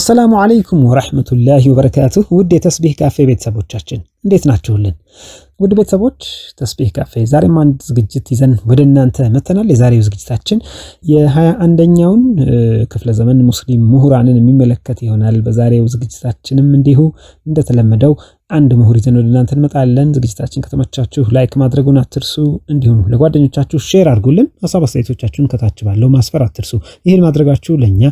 አሰላሙ አለይኩም ወራህመቱላሂ ወበረካቱህ። ውድ የተስቢህ ካፌ ቤተሰቦቻችን እንዴት ናችሁልን? ውድ ቤተሰቦች ተስቢህ ካፌ ዛሬም አንድ ዝግጅት ይዘን ወደ እናንተ መተናል። የዛሬው ዝግጅታችን የሀያ አንደኛውን ክፍለ ዘመን ሙስሊም ምሁራንን የሚመለከት ይሆናል። በዛሬው ዝግጅታችንም እንዲሁ እንደተለመደው አንድ ምሁር ይዘን ወደ እናንተ እንመጣለን። ዝግጅታችን ከተመቻችሁ ላይክ ማድረጉን አትርሱ። እንዲሁም ለጓደኞቻችሁ ሼር አድርጉልን። ሀሳብ አስተያየቶቻችሁን ከታች ባለው ማስፈር አትርሱ። ይህን ማድረጋችሁ ለእኛ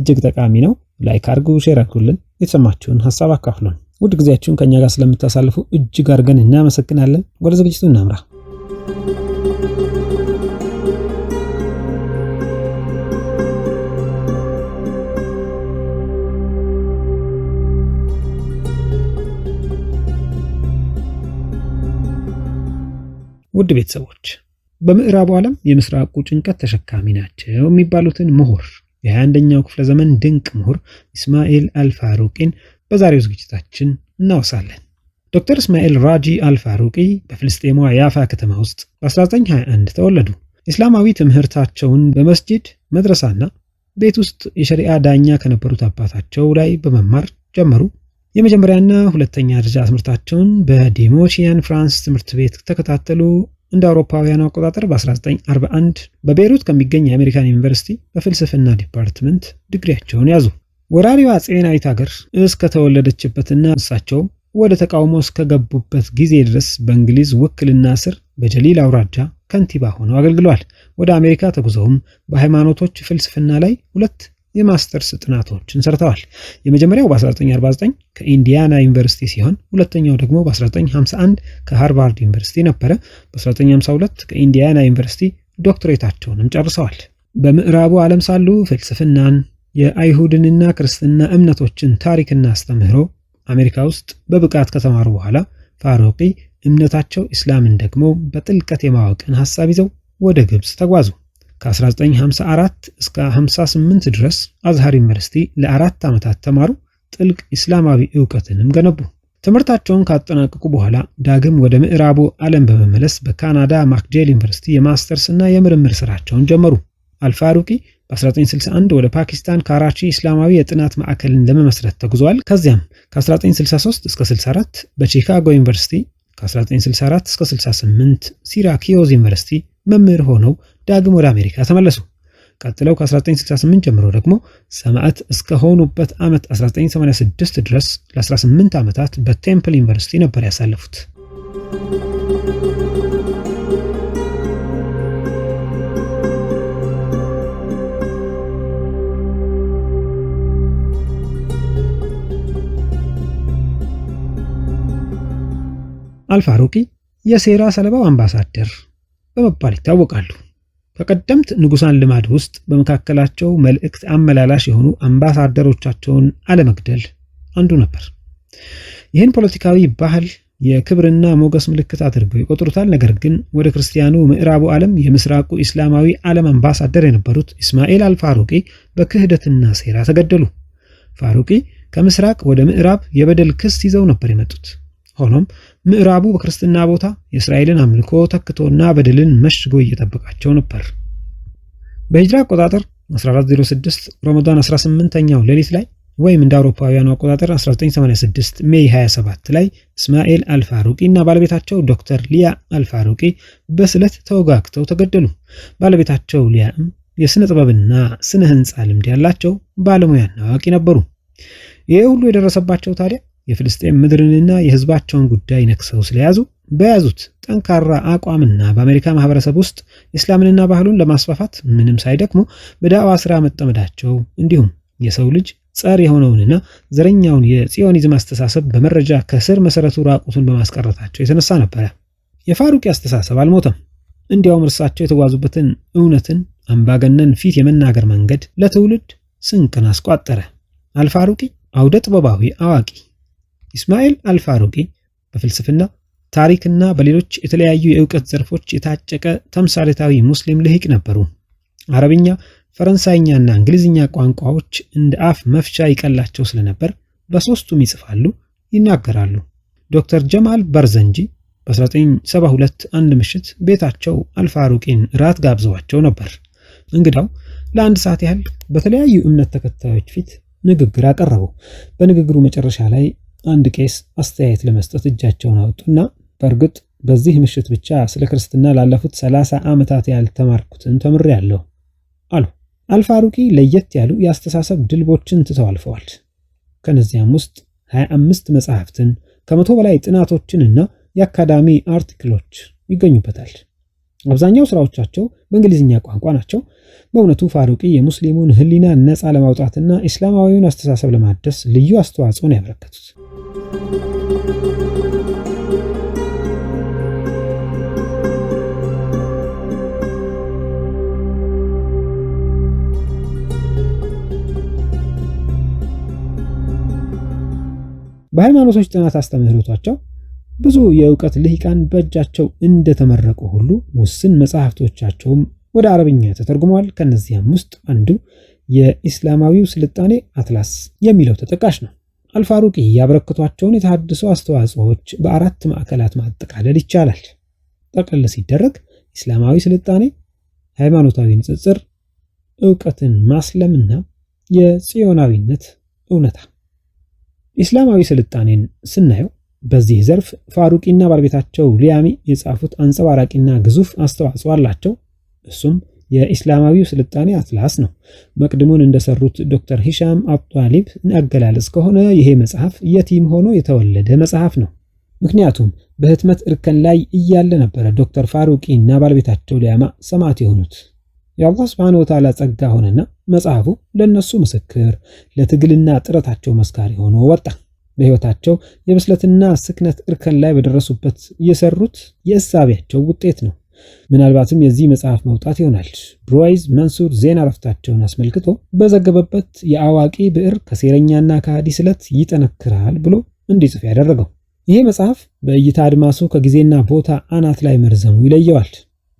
እጅግ ጠቃሚ ነው። ላይክ አርጉ፣ ሼር አድርጉልን፣ የተሰማችሁን ሀሳብ አካፍሉን። ውድ ጊዜያችሁን ከእኛ ጋር ስለምታሳልፉ እጅግ አድርገን እናመሰግናለን። ወደ ዝግጅቱ እናምራ። ውድ ቤተሰቦች በምዕራቡ ዓለም የምስራቁ ጭንቀት ተሸካሚ ናቸው የሚባሉትን ምሁር የ21ኛው ክፍለ ዘመን ድንቅ ምሁር ኢስማኤል አልፋሩቂን በዛሬው ዝግጅታችን እናወሳለን። ዶክተር እስማኤል ራጂ አልፋሩቂ በፍልስጤሟ ያፋ ከተማ ውስጥ በ1921 ተወለዱ። ኢስላማዊ ትምህርታቸውን በመስጂድ መድረሳና ቤት ውስጥ የሸሪአ ዳኛ ከነበሩት አባታቸው ላይ በመማር ጀመሩ። የመጀመሪያና ሁለተኛ ደረጃ ትምህርታቸውን በዲሞሺያን ፍራንስ ትምህርት ቤት ተከታተሉ። እንደ አውሮፓውያን አቆጣጠር በ1941 በቤይሩት ከሚገኝ የአሜሪካን ዩኒቨርሲቲ በፍልስፍና ዲፓርትመንት ዲግሪያቸውን ያዙ። ወራሪዋ አጼናዊት ሀገር እስከተወለደችበትና እሳቸውም ወደ ተቃውሞ እስከገቡበት ጊዜ ድረስ በእንግሊዝ ውክልና ስር በጀሊል አውራጃ ከንቲባ ሆነው አገልግለዋል። ወደ አሜሪካ ተጉዘውም በሃይማኖቶች ፍልስፍና ላይ ሁለት የማስተርስ ጥናቶችን ሰርተዋል። የመጀመሪያው በ1949 ከኢንዲያና ዩኒቨርሲቲ ሲሆን ሁለተኛው ደግሞ በ1951 ከሃርቫርድ ዩኒቨርሲቲ ነበረ። በ1952 ከኢንዲያና ዩኒቨርሲቲ ዶክትሬታቸውንም ጨርሰዋል። በምዕራቡ ዓለም ሳሉ ፍልስፍናን፣ የአይሁድንና ክርስትና እምነቶችን ታሪክና አስተምህሮ አሜሪካ ውስጥ በብቃት ከተማሩ በኋላ ፋሮቂ እምነታቸው ኢስላምን ደግሞ በጥልቀት የማወቅን ሀሳብ ይዘው ወደ ግብፅ ተጓዙ። ከ1954 እስከ 58 ድረስ አዝሃር ዩኒቨርሲቲ ለአራት ዓመታት ተማሩ። ጥልቅ ኢስላማዊ እውቀትንም ገነቡ። ትምህርታቸውን ካጠናቀቁ በኋላ ዳግም ወደ ምዕራቡ ዓለም በመመለስ በካናዳ ማክጄል ዩኒቨርሲቲ የማስተርስ እና የምርምር ስራቸውን ጀመሩ። አልፋሩቂ በ1961 ወደ ፓኪስታን ካራቺ እስላማዊ የጥናት ማዕከልን ለመመስረት ተጉዘዋል። ከዚያም ከ1963 እስከ 64 በቺካጎ ዩኒቨርሲቲ፣ ከ1964 እስከ 68 ሲራኪዮዝ ዩኒቨርሲቲ መምህር ሆነው ዳግም ወደ አሜሪካ ተመለሱ። ቀጥለው ከ1968 ጀምሮ ደግሞ ሰማዕት እስከሆኑበት ዓመት 1986 ድረስ ለ18 ዓመታት በቴምፕል ዩኒቨርሲቲ ነበር ያሳለፉት። አልፋሩቂ የሴራ ሰለባው አምባሳደር በመባል ይታወቃሉ። በቀደምት ንጉሳን ልማድ ውስጥ በመካከላቸው መልእክት አመላላሽ የሆኑ አምባሳደሮቻቸውን አለመግደል አንዱ ነበር። ይህን ፖለቲካዊ ባህል የክብርና ሞገስ ምልክት አድርገው ይቆጥሩታል። ነገር ግን ወደ ክርስቲያኑ ምዕራቡ ዓለም የምስራቁ ኢስላማዊ ዓለም አምባሳደር የነበሩት ኢስማኤል አልፋሩቂ በክህደትና ሴራ ተገደሉ። ፋሩቂ ከምስራቅ ወደ ምዕራብ የበደል ክስ ይዘው ነበር የመጡት። ሆኖም ምዕራቡ በክርስትና ቦታ የእስራኤልን አምልኮ ተክቶና በድልን መሽጎ እየጠበቃቸው ነበር። በሂጅራ አቆጣጠር 1406 ረመዳን 18ኛው ሌሊት ላይ ወይም እንደ አውሮፓውያኑ አቆጣጠር 1986 ሜይ 27 ላይ እስማኤል አልፋሩቂ እና ባለቤታቸው ዶክተር ሊያ አልፋሩቂ በስለት ተወጋግተው ተገደሉ። ባለቤታቸው ሊያም የሥነ ጥበብና ሥነ ሕንፃ ልምድ ያላቸው ባለሙያና አዋቂ ነበሩ። ይህ ሁሉ የደረሰባቸው ታዲያ የፍልስጤም ምድርንና የህዝባቸውን ጉዳይ ነክሰው ስለያዙ በያዙት ጠንካራ አቋምና በአሜሪካ ማህበረሰብ ውስጥ እስላምንና ባህሉን ለማስፋፋት ምንም ሳይደክሙ በዳዕዋ ስራ መጠመዳቸው እንዲሁም የሰው ልጅ ጸር የሆነውንና ዘረኛውን የጽዮኒዝም አስተሳሰብ በመረጃ ከስር መሰረቱ ራቁቱን በማስቀረታቸው የተነሳ ነበረ። የፋሩቂ አስተሳሰብ አልሞተም። እንዲያውም እርሳቸው የተጓዙበትን እውነትን አምባገነን ፊት የመናገር መንገድ ለትውልድ ስንቅን አስቋጠረ። አልፋሩቂ አውደ ጥበባዊ አዋቂ ኢስማኤል አልፋሩቂ በፍልስፍና ታሪክና በሌሎች የተለያዩ የእውቀት ዘርፎች የታጨቀ ተምሳሌታዊ ሙስሊም ልሂቅ ነበሩ። አረብኛ፣ ፈረንሳይኛና እንግሊዝኛ ቋንቋዎች እንደ አፍ መፍቻ ይቀላቸው ስለነበር በሦስቱም ይጽፋሉ፣ ይናገራሉ። ዶክተር ጀማል በርዘንጂ በ1972 አንድ ምሽት ቤታቸው አልፋሩቂን እራት ጋብዘዋቸው ነበር። እንግዳው ለአንድ ሰዓት ያህል በተለያዩ እምነት ተከታዮች ፊት ንግግር አቀረቡ። በንግግሩ መጨረሻ ላይ አንድ ቄስ አስተያየት ለመስጠት እጃቸውን አወጡና በእርግጥ በዚህ ምሽት ብቻ ስለ ክርስትና ላለፉት ሰላሳ ዓመታት ያልተማርኩትን ተምሬያለሁ አሉ። አልፋሩቂ ለየት ያሉ የአስተሳሰብ ድልቦችን ትተው አልፈዋል። ከነዚያም ውስጥ 25 መጽሐፍትን ከመቶ በላይ ጥናቶችንና የአካዳሚ አርቲክሎች ይገኙበታል። አብዛኛው ስራዎቻቸው በእንግሊዝኛ ቋንቋ ናቸው። በእውነቱ ፋሩቂ የሙስሊሙን ሕሊና ነፃ ለማውጣትና ኢስላማዊውን አስተሳሰብ ለማደስ ልዩ አስተዋጽኦን ያበረከቱት በሃይማኖቶች ጥናት አስተምህሮቷቸው ብዙ የእውቀት ልሂቃን በእጃቸው እንደተመረቁ ሁሉ ውስን መጽሐፍቶቻቸውም ወደ አረብኛ ተተርጉመዋል። ከነዚያም ውስጥ አንዱ የኢስላማዊው ስልጣኔ አትላስ የሚለው ተጠቃሽ ነው። አልፋሩቂ ያበረክቷቸውን የተሃድሶ አስተዋጽኦዎች በአራት ማዕከላት ማጠቃለል ይቻላል። ጠቅልል ሲደረግ ኢስላማዊ ስልጣኔ፣ ሃይማኖታዊ ንጽጽር፣ እውቀትን ማስለምና የጽዮናዊነት እውነታ። ኢስላማዊ ስልጣኔን ስናየው በዚህ ዘርፍ ፋሩቂና ባለቤታቸው ሊያሚ የጻፉት አንጸባራቂና ግዙፍ አስተዋጽኦ አላቸው። እሱም የኢስላማዊው ስልጣኔ አትላስ ነው። መቅድሙን እንደሰሩት ዶክተር ሂሻም አጧሊብ አገላለጽ ከሆነ ይሄ መጽሐፍ የቲም ሆኖ የተወለደ መጽሐፍ ነው። ምክንያቱም በህትመት እርከን ላይ እያለ ነበረ ዶክተር ፋሩቂ እና ባለቤታቸው ሊያማ ሰማዕት የሆኑት። የአላህ ስብሐነሁ ወተዓላ ጸጋ ሆነና መጽሐፉ ለእነሱ ምስክር፣ ለትግልና ጥረታቸው መስካሪ ሆኖ ወጣ። በህይወታቸው የብስለትና ስክነት እርከን ላይ በደረሱበት የሰሩት የእሳቢያቸው ውጤት ነው። ምናልባትም የዚህ መጽሐፍ መውጣት ይሆናል። ብሮይዝ መንሱር ዜና እረፍታቸውን አስመልክቶ በዘገበበት የአዋቂ ብዕር ከሴረኛና ከሃዲ ስለት ይጠነክራል ብሎ እንዲጽፍ ያደረገው ይሄ መጽሐፍ በእይታ አድማሱ ከጊዜና ቦታ አናት ላይ መርዘሙ ይለየዋል።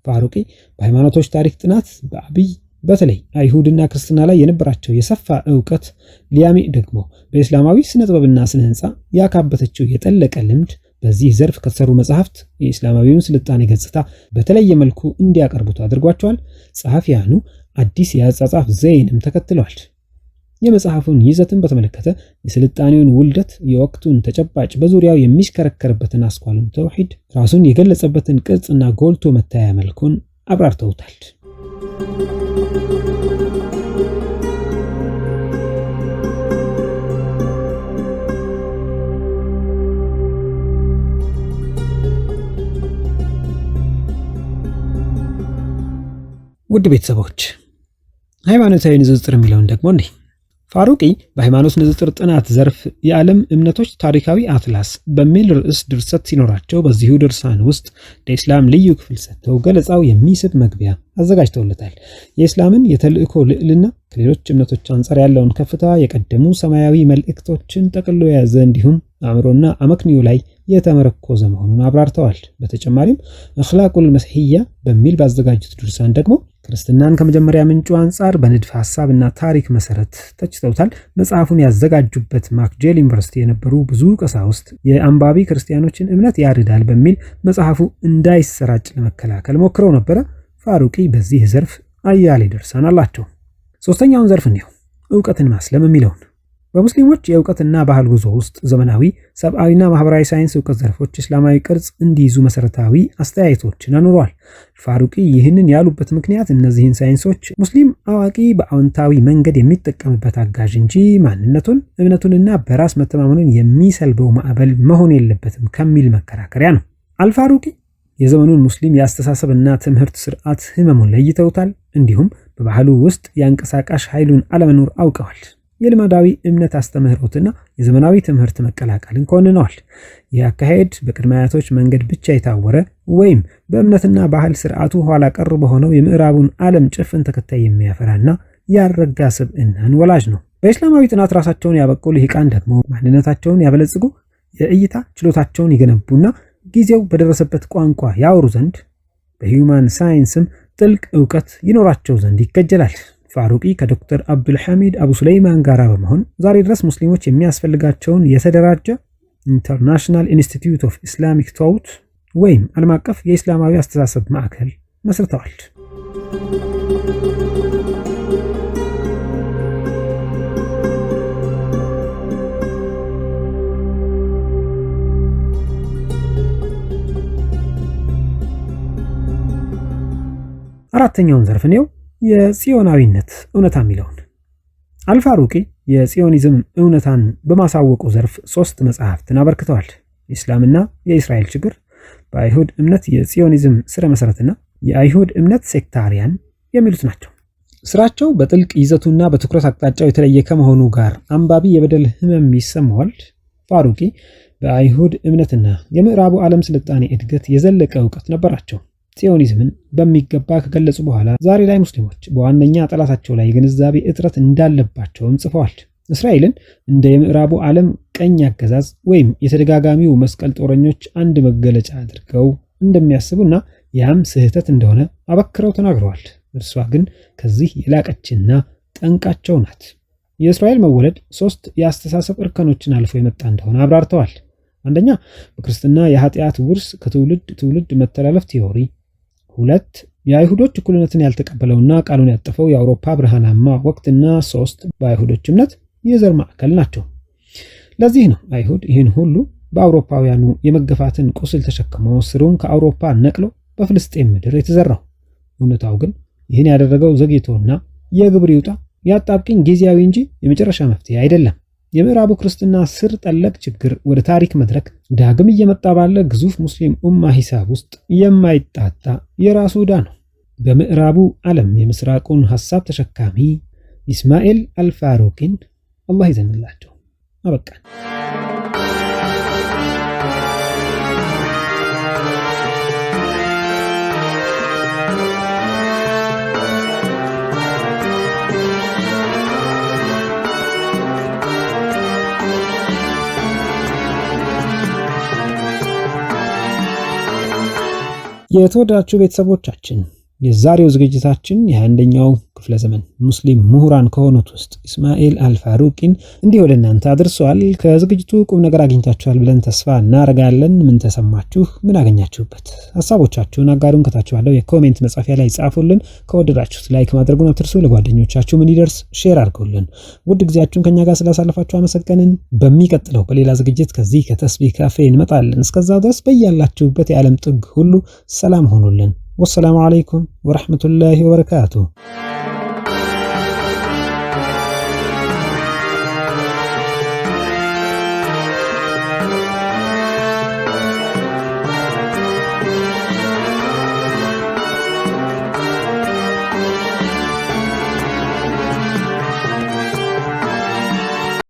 ፋሩቂ በሃይማኖቶች ታሪክ ጥናት በአብይ በተለይ አይሁድና ክርስትና ላይ የነበራቸው የሰፋ እውቀት፣ ሊያሚ ደግሞ በእስላማዊ ስነ ጥበብና ስነ ህንፃ ያካበተችው የጠለቀ ልምድ በዚህ ዘርፍ ከተሰሩ መጽሐፍት የእስላማዊውን ስልጣኔ ገጽታ በተለየ መልኩ እንዲያቀርቡት አድርጓቸዋል። ጸሐፊያኑ አዲስ የአጻጻፍ ዘይንም ተከትለዋል። የመጽሐፉን ይዘትን በተመለከተ የስልጣኔውን ውልደት፣ የወቅቱን ተጨባጭ፣ በዙሪያው የሚሽከረከርበትን አስኳልን ተውሂድ ራሱን የገለጸበትን ቅርጽና ጎልቶ መታያ መልኩን አብራርተውታል። ውድ ቤተሰቦች ሃይማኖታዊ ንጽጽር የሚለውን ደግሞ እንዲህ ፋሩቂ በሃይማኖት ንጽጽር ጥናት ዘርፍ የዓለም እምነቶች ታሪካዊ አትላስ በሚል ርዕስ ድርሰት ሲኖራቸው በዚሁ ድርሳን ውስጥ ለኢስላም ልዩ ክፍል ሰጥተው ገለጻው የሚስብ መግቢያ አዘጋጅተውለታል። የኢስላምን የተልእኮ ልዕልና ከሌሎች እምነቶች አንጻር ያለውን ከፍታ የቀደሙ ሰማያዊ መልእክቶችን ጠቅሎ የያዘ እንዲሁም አእምሮና አመክንዮ ላይ የተመረኮዘ መሆኑን አብራርተዋል። በተጨማሪም አኽላቁል መስሕያ በሚል ባዘጋጁት ድርሳን ደግሞ ክርስትናን ከመጀመሪያ ምንጩ አንጻር በንድፍ ሀሳብና ታሪክ መሰረት ተችተውታል። መጽሐፉን ያዘጋጁበት ማክጄል ዩኒቨርሲቲ የነበሩ ብዙ ቀሳውስት የአንባቢ ክርስቲያኖችን እምነት ያርዳል በሚል መጽሐፉ እንዳይሰራጭ ለመከላከል ሞክረው ነበረ። ፋሩቂ በዚህ ዘርፍ አያሌ ደርሰን አላቸው። ሶስተኛውን ዘርፍ እንዲሁ እውቀትን ማስለም የሚለውን በሙስሊሞች የእውቀትና ባህል ጉዞ ውስጥ ዘመናዊ ሰብአዊና ማህበራዊ ሳይንስ እውቀት ዘርፎች እስላማዊ ቅርጽ እንዲይዙ መሰረታዊ አስተያየቶችን አኑሯል። ፋሩቂ ይህንን ያሉበት ምክንያት እነዚህን ሳይንሶች ሙስሊም አዋቂ በአዎንታዊ መንገድ የሚጠቀምበት አጋዥ እንጂ ማንነቱን እምነቱንና በራስ መተማመኑን የሚሰልበው ማዕበል መሆን የለበትም ከሚል መከራከሪያ ነው። አልፋሩቂ የዘመኑን ሙስሊም የአስተሳሰብና ትምህርት ስርዓት ህመሙን ለይተውታል። እንዲሁም በባህሉ ውስጥ የአንቀሳቃሽ ኃይሉን አለመኖር አውቀዋል። የልማዳዊ እምነት አስተምህሮትና የዘመናዊ ትምህርት መቀላቀልን ኮንነዋል። ይህ አካሄድ በቅድመ አያቶች መንገድ ብቻ የታወረ ወይም በእምነትና ባህል ስርዓቱ ኋላ ቀር በሆነው የምዕራቡን ዓለም ጭፍን ተከታይ የሚያፈራና ያረጋ ስብዕናን ወላጅ ነው። በእስላማዊ ጥናት ራሳቸውን ያበቁ ልሂቃን ደግሞ ማንነታቸውን ያበለጽጉ፣ የእይታ ችሎታቸውን ይገነቡና ጊዜው በደረሰበት ቋንቋ ያወሩ ዘንድ በሂውማን ሳይንስም ጥልቅ እውቀት ይኖራቸው ዘንድ ይከጀላል። ፋሩቂ ከዶክተር አብዱልሐሚድ አቡ ሱለይማን ጋር በመሆን ዛሬ ድረስ ሙስሊሞች የሚያስፈልጋቸውን የተደራጀ ኢንተርናሽናል ኢንስቲትዩት ኦፍ ኢስላሚክ ታውት ወይም ዓለም አቀፍ የኢስላማዊ አስተሳሰብ ማዕከል መስርተዋል። አራተኛውን ዘርፍ ነው የጽዮናዊነት እውነታ የሚለውን አልፋሩቂ የጽዮኒዝም እውነታን በማሳወቁ ዘርፍ ሶስት መጽሐፍትን አበርክተዋል። ኢስላምና የእስራኤል ችግር፣ በአይሁድ እምነት የጽዮኒዝም ስረ መሰረትና የአይሁድ እምነት ሴክታሪያን የሚሉት ናቸው። ስራቸው በጥልቅ ይዘቱና በትኩረት አቅጣጫው የተለየ ከመሆኑ ጋር አንባቢ የበደል ህመም ይሰማዋል። ፋሩቂ በአይሁድ እምነትና የምዕራቡ ዓለም ስልጣኔ እድገት የዘለቀ እውቀት ነበራቸው። ጽዮኒዝምን በሚገባ ከገለጹ በኋላ ዛሬ ላይ ሙስሊሞች በዋነኛ ጠላታቸው ላይ የግንዛቤ እጥረት እንዳለባቸውም ጽፈዋል። እስራኤልን እንደ የምዕራቡ ዓለም ቀኝ አገዛዝ ወይም የተደጋጋሚው መስቀል ጦረኞች አንድ መገለጫ አድርገው እንደሚያስቡና ያም ስህተት እንደሆነ አበክረው ተናግረዋል። እርሷ ግን ከዚህ የላቀችና ጠንቃቸው ናት። የእስራኤል መወለድ ሶስት የአስተሳሰብ እርከኖችን አልፎ የመጣ እንደሆነ አብራርተዋል። አንደኛ በክርስትና የኃጢአት ውርስ ከትውልድ ትውልድ መተላለፍ ቴዎሪ። ሁለት የአይሁዶች እኩልነትን ያልተቀበለውና ቃሉን ያጠፈው የአውሮፓ ብርሃናማ ወቅትና ሶስት በአይሁዶች እምነት የዘር ማዕከል ናቸው። ለዚህ ነው አይሁድ ይህን ሁሉ በአውሮፓውያኑ የመገፋትን ቁስል ተሸክሞ ስሩን ከአውሮፓ ነቅሎ በፍልስጤም ምድር የተዘራው። እውነታው ግን ይህን ያደረገው ዘግይቶና የግብር ይውጣ ያጣብቅኝ ጊዜያዊ እንጂ የመጨረሻ መፍትሄ አይደለም። የምዕራቡ ክርስትና ስር ጠለቅ ችግር ወደ ታሪክ መድረክ ዳግም እየመጣ ባለ ግዙፍ ሙስሊም ኡማ ሂሳብ ውስጥ የማይጣጣ የራሱ ዕዳ ነው። በምዕራቡ ዓለም የምስራቁን ሀሳብ ተሸካሚ ኢስማኤል አልፋሩቂን አላህ ይዘንላቸው። አበቃን። የተወዳችሁ ቤተሰቦቻችን የዛሬው ዝግጅታችን የአንደኛው ክፍለ ዘመን ሙስሊም ምሁራን ከሆኑት ውስጥ ኢስማኤል አልፋሩቂን እንዲህ ወደ እናንተ አድርሰዋል። ከዝግጅቱ ቁም ነገር አግኝታችኋል ብለን ተስፋ እናደርጋለን። ምን ተሰማችሁ? ምን አገኛችሁበት? ሀሳቦቻችሁን አጋሩን። ከታች ባለው የኮሜንት መጻፊያ ላይ ጻፉልን። ከወደዳችሁት ላይክ ማድረጉን አትርሱ። ለጓደኞቻችሁም እንዲደርስ ሼር አድርጉልን። ውድ ጊዜያችሁን ከኛ ጋር ስላሳለፋችሁ አመሰገንን። በሚቀጥለው በሌላ ዝግጅት ከዚህ ከተስቢህ ካፌ እንመጣለን። እስከዛ ድረስ በያላችሁበት የዓለም ጥግ ሁሉ ሰላም ሆኑልን። ወሰላሙ አለይኩም ወረሕመቱላሂ ወበረካቱ።